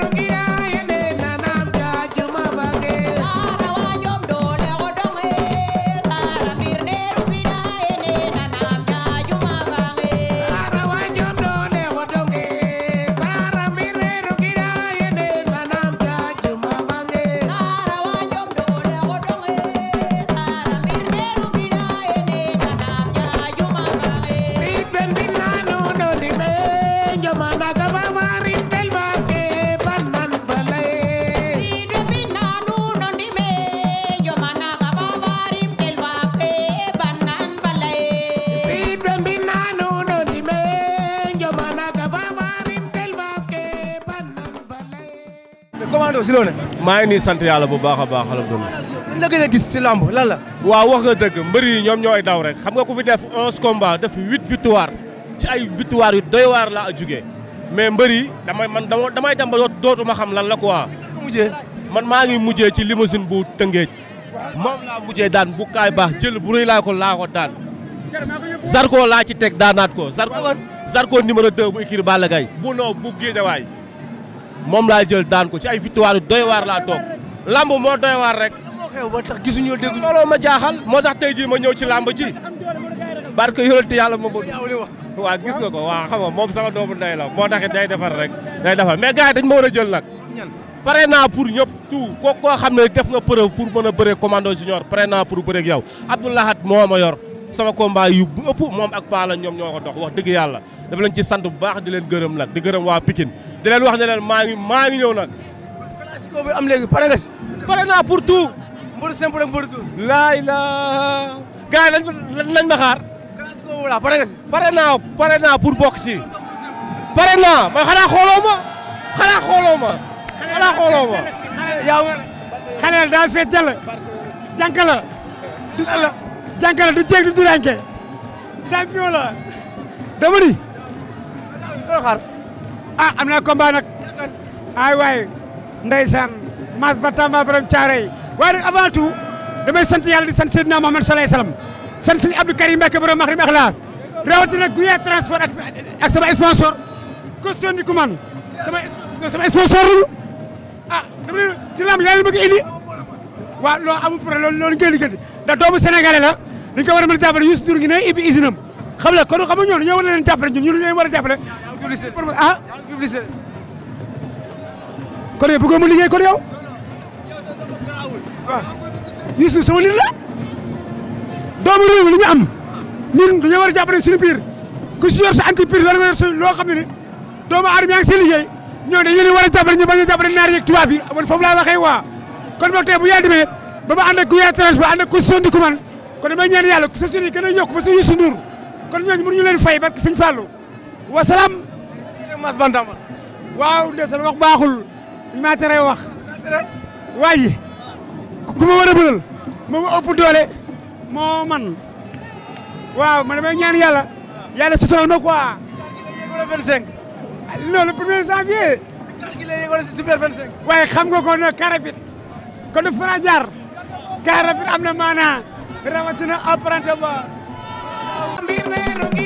quiero que loo si loo maa ngi nii sant yàlla bu baax a baax alhamdulilah. lan la gën a gis si lamb lan la. wax nga dëgg mbër yi ñoom ñooy daw rek xam nga ku fi def onze combats def huit victoire ci ay victoire yu doy waar laa jugee mais mbër yi damay man damay dem ba dootuma xam lan la ko quoi. man maa ngi mujjee ci limousine bu Tëngéej. moom laa mujjee daan bu baax jël bu rëy laa ko laa ko daan. Zarko laa ci teg daanaat ko Zarko. Zarko numéro 2 bu écurie Balla bu noo bu moom laa jël daan ko ci ay victoire doy waar laa toog lamb moo doy waar rek. ba tax gisuñu dégg looloo ma jaaxal moo tax tey jii ma ñëw ci lamb ji barke yonent yàlla ma bëgg waaw gis nga ko waaw xam nga moom sama doomu ndey la moo taxit day defar rek day defar mais gars yi dañ ma war a jël nag pare naa pour ñëpp tout ko koo xam ne def nga preuve pour mën a bëre commando junior pare naa pour bëre ak yow Abdoulahat moo ma yor sama combat yu ëpp moom ak paala ñoom ñoo ko dox wax dëgg yàlla dafa leen ci sant bu baax di leen gërëm nag di gërëm waa Pikine di wax ne leen maa ngi maa ngi ñëw nag. classico am léegi pare nga si. pare naa pour tout. mbër simple ak mbër dur. nañ ma pare naa pare naa pour bokk si. pare naa ma. xanaa xooloo ma. xanaa xooloo ma. yaa ngi. xale daa fee jànkale du jeeg du duranke champion la dama ni doo xaar ah am naa combat ay waay ndeysaan mas ba tamba borom yi waaye nag avant tout damay sant di sant Seydina Mohamed sallallahu alayhi wasallam sant suñu Abdou Karim Mbacke borom maxrim axla rawatina Guya transport ak sama sponsor question di ku man sama sama sponsor lañu ah, dama si lam yàlla ma ko indi waaw loolu amul problème loolu ngeen liggéey ndax doomu sénégalais la dañ ko war a mën a jàppale gi ne ibbi isinam xam la kon xam nga ñoo ñoo war leen jàppale ñun ñun ñoo war a jàppale ah kon yow bëggoo mu liggéey kon yow waaw ah, Youssou sama nit la doomu réew mi li ñu am ñun war a jàppale loo xam ne ni doomu aadama yaa ngi seen liggéey ñoo dañ leen war a jàppale ñu bañ a jàppale naar yeeg tubaab yi man foofu waxee waa kon boog tey bu yaa demee ba ma ànd ak ku yaa tranche ba ànd sondi ku kon damay ñaan yàlla ku sa suñu gën a yokk ba sa Youssou Ndour kon ñooñu mënuñu leen fay barke sëñ Fallou wa salaam. mas wax baaxul ñu maa tere wax. waaye ku ma war ma bëral doole moo man waaw man damay ñaan yàlla yàlla sutural ma quoi. non le premier janvier. waaye xam nga ko ne car am na maanaa. a rawatina apprenti ba.